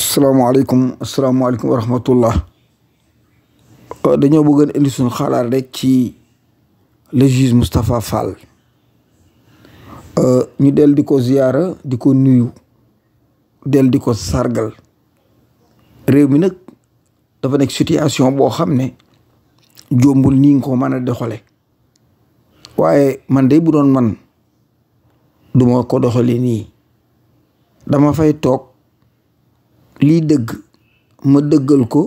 asalaamaaleykum asalaamaaleykum wa rahmatullah euh, dañoo bëggoon indi suñu xalaat rek ci le juge Moustapha Fall euh, ñu del di ko ziyaara di ko nuyu del di ko sargal réew mi nag dafa nekk situation boo xam ne jombul nii nga ko mën a doxale waaye man day bu doon man duma ko doxale nii dama fay toog lii dëgg ma dëggal ko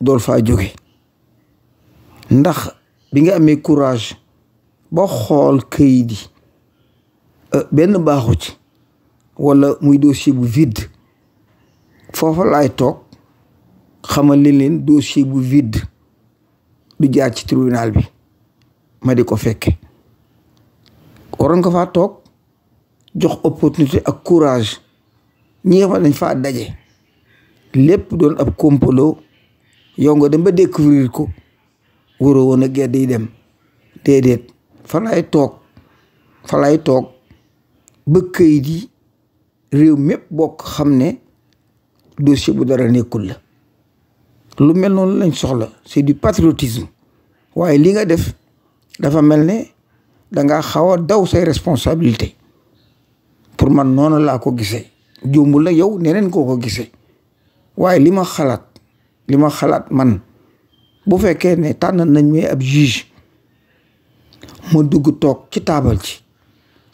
dool faa jóge ndax bi nga amee courage ba xool kayit yi euh, benn baaxu walla muy dossier bu vide foofa laay toog xam xamal leen dossier bu vide du jaar ci tribunal bi ma di ko fekke waroon nga faa toog jox opportunité ak courage ñi xam ne dañ faa daje lépp doon ab kompolo yow nga dem ba découvrir ko waroo woon a gedd yi dem déedéet fa laay toog falaay toog ba këyit yi réew mépp bokk xam ne dossier bu dara nekkul la lu mel noonu lañ soxla c'est du patriotisme waaye li nga def dafa mel ne danga xaw a daw say responsabilité pour man noonu laa ko gisee jombul na yow neneen koo ko gisee waaye li ma xalaat li ma xalaat man bu fekkee ne tànn nañ may ab juge ma dugg toog ci taabal ci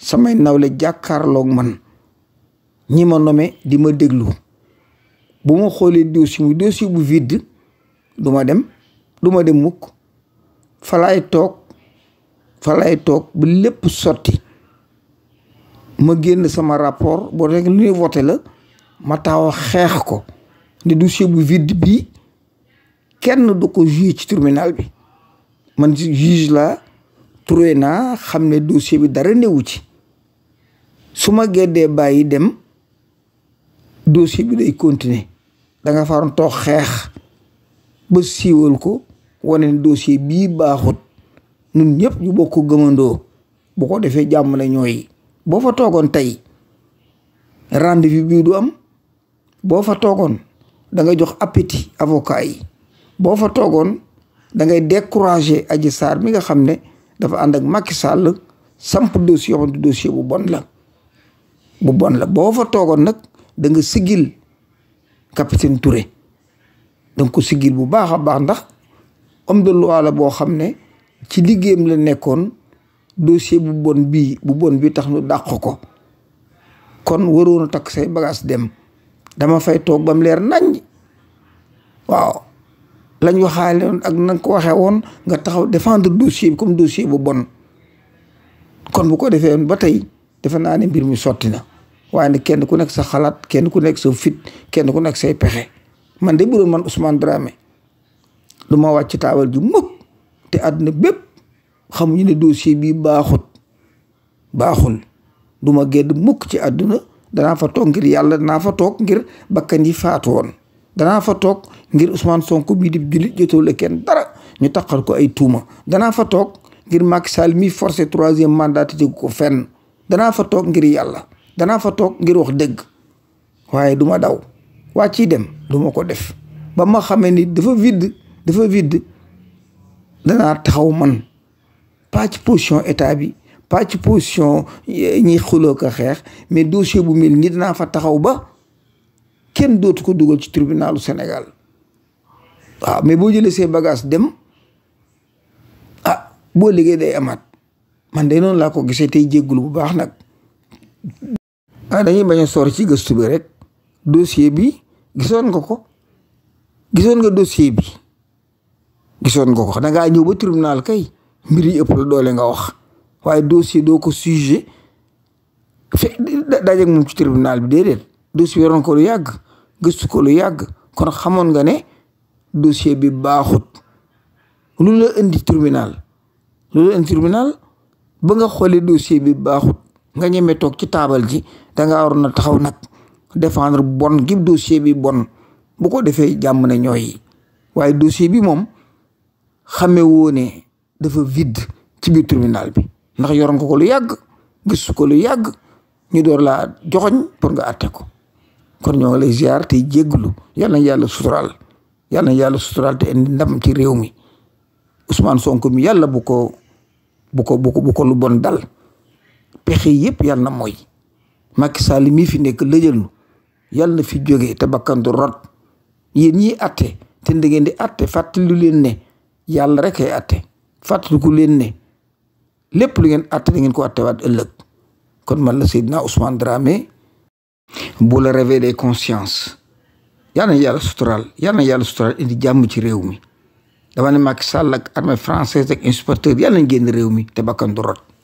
samay nawle jàkkaarloog man ñi ma nome di ma déglu bu ma xoolee dossier bu dossier bu vide du ma dem du ma dem mukk falaay toog falaay toog bu lépp sotti ma génn sama rapport boo rek lu ñuy la ma taxaw xeex ko ne dossier bu vide bi kenn du ko jugé ci tribunal bi man juge la trouvé naa xam ne dossier bi dara newu ci su ma geddee bàyyi dem dossier bi day continuer da nga faroon toog xeex ba siiwal ko wane ne bi baaxut nu ñëpp ñu bokk gëmandoo bu ko defee jàmm la ñooy boo fa toogoon tey rendez-vous bii du am boo fa toogoon da ngay jox appétit avocat yi boo fa toogoon da ngay décourager Adji Sarr mi nga xam ne dafa ànd ak Macky Sall samp dosi yoo xam ne bu bon la bu bon la boo fa toogoon nag da sigil capitaine Touré da nga bu baax a baax ndax homme de loi la boo xam ne ci liggéeyam la nekkoon dosi bu bon bii bu bon bi tax nu dàq ko kon waroon a takk say bagage dem dama fay toog ba mu leer nañ waaw lañ waxaale woon ak na nga ko waxee woon nga taxaw défendre dossier bi comme dossier bu bon kon bu ko defee woon ba tey defe naa ne mbir mi sotti na waaye kenn ku nekk sa xalaat kenn ku nekk sa fit kenn ku nekk say pexe man de bu doon man Ousmane Dramé du ma wàcc taabal ji mukk te àdduna bépp xamuñu ne dossier bi baaxut baaxul du ma gedd mukk ci àdduna danaa fa toog ngir yàlla danaa fa toog ngir bakkan yi faatu woon danaa fa toog ngir Ousmane Sonko bii di jullit jotewul kenn dara ñu taqal ko ay tuuma danaa fa toog ngir Macky Sall mi forcé troisième mandat te ko fenn danaa fa toog ngir yàlla danaa fa toog ngir wax dëgg waaye du ma daw waa ciy dem du ma ko def ba ma xamee ni dafa widd dafa vide danaa taxaw man pas ci position état bi pas ci position ñi xuloo ko xeex mais dossier bu mel ni dinaa fa taxaw ba kenn dootu ko duggool ci tribunalu senegal waaw mais boo jëlee say bagage dem a ah, boo liggéey day amaat man de noonu laa ko gisee tey jéggul bu baax nag a ah, dañuy bañ a sor ci gëstu bi rek dossier bi gisoon nga ko gisoon nga dossier bi gisoon nga ko da ñëw ba tribunal kay mbir yi ëpp la doole nga wax waaye dossier doo ko sujet fe dajeeg moom ci tribunal bi déedéet dossier yoroon ko lu yàgg gëstu ko lu yàgg kon xamoon nga ne dossier bi baaxut lu la indi tribunal lu la indi ba nga xoolee dossier bi baaxut nga ñeme toog ci taabal ji danga waroon a taxaw nag défendre bon gi dossier bi bon bu ko defee jàmm ne ñooy waaye dossier bi moom xamee woo ne dafa vide ci biir tribunal bi ndax yor nga ko lu yàgg gis ko lu yàgg ñu door la joxoñ pour nga àtte ko kon ñoo ngi lay ziar te jégglu yàlla na yàlla suturaal yàlla na suturaal te indi ndam ci réew mi Ousmane Sonko yàlla bu ko bu ko bu lu bon dal pexe yëpp yàlla na mooy Macky Sall mii fi nekk lëjal nu yàlla fi jógee te bakkan du rot yéen te da ngeen di atte fàttali leen ne yàlla rek ay atte fàttaliku leen ne lépp lu ngeen àtte da ngeen ko àttewaat ëllëg kon man la Seydina Ousmane Dramé bu la réveillé conscience yal na yàlla suturaal yal na yàlla suturaal indi jàmm ci réew mi dama ne Macky Sall ak armée française ak inspecteur yal nañ génn réew mi te bakkan du rot